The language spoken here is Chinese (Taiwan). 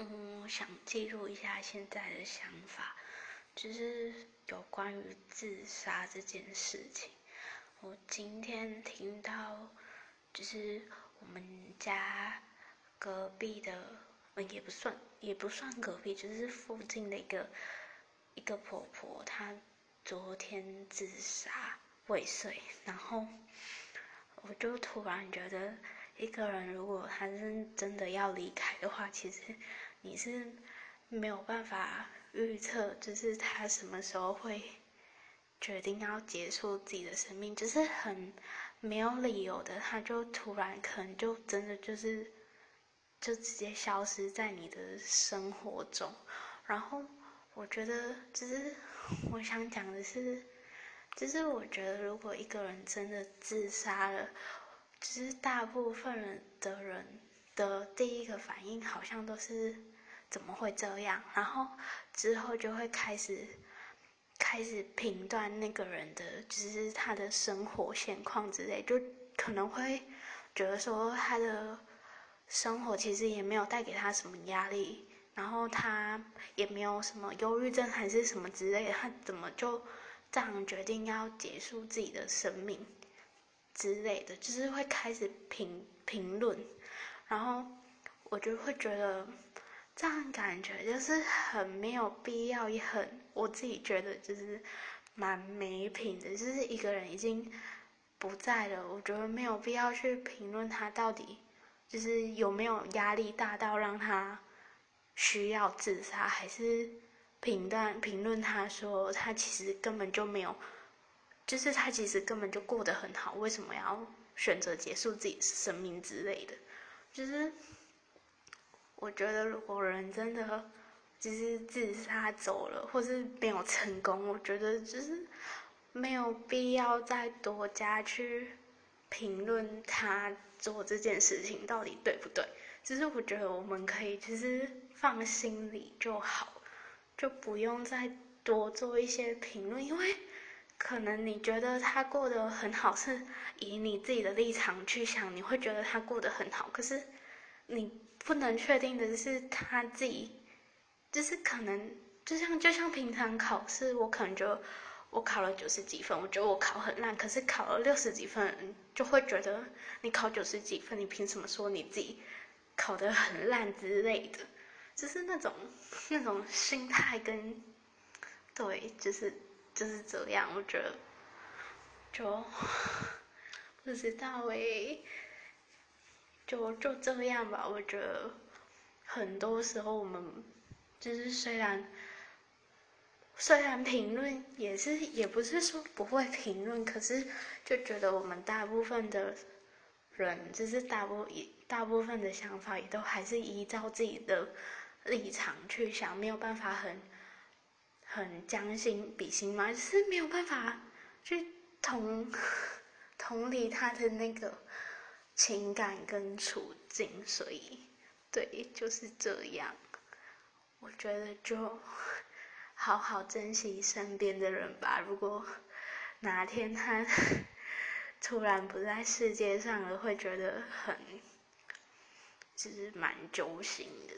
嗯，我想記錄一下現在的想法，就是有關於自殺這件事情。我今天聽到，就是我們家隔壁的，嗯，也不算，也不算隔壁，就是附近的一個一個婆婆，她昨天自殺未遂，然後我就突然覺得，一個人如果她是真的要離開的話，其實。你是沒有辦法預測，就是他什麼時候會決定要結束自己的生命，就是很沒有理由的，他就突然可能就真的就是就直接消失在你的生活中。然後我覺得，就是我想講的是，就是我覺得如果一個人真的自殺了，其實大部分人的人。的第一個反應好像都是怎麼會這樣，然後之後就會開始開始評斷那個人的，就是他的生活現況之類，就可能會覺得說他的生活其實也沒有帶給他什麼壓力，然後他也沒有什麼憂鬱症還是什麼之類，他怎麼就這樣決定要結束自己的生命之類的，就是會開始評評論。然後我就會覺得這樣感覺就是很沒有必要，也很我自己覺得就是蠻沒品的。就是一個人已經不在了，我覺得沒有必要去評論他到底就是有沒有壓力大到讓他需要自殺，還是評斷評論他說他其實根本就沒有，就是他其實根本就過得很好，為什麼要選擇結束自己的生命之類的。其實，就是我覺得如果人真的其實自殺走了，或是沒有成功，我覺得就是沒有必要再多加去評論他做這件事情到底對不對。只是我覺得我們可以，就是放心裡就好，就不用再多做一些評論，因為。可能你覺得他過得很好，是以你自己的立場去想，你會覺得他過得很好。可是，你不能確定的是他自己，就是可能就像就像平常考試，我可能就我考了九十幾分，我覺得我考很爛。可是考了六十幾分，就會覺得你考九十幾分，你憑什麼說你自己考得很爛之類的？就是那種那種心態跟，對，就是。就是這樣，我覺得，就不知道誒、欸。就就這樣吧。我覺得很多時候我們就是雖然雖然評論也是，也不是說不會評論，可是就覺得我們大部分的人，就是大部一大部分的想法也都還是依照自己的立場去想，沒有辦法很。很將心比心嘛，就是沒有辦法去同同理他的那個情感跟處境，所以對就是這樣。我覺得就好好珍惜身邊的人吧。如果哪天他突然不在世界上了，會覺得很就是蠻揪心的。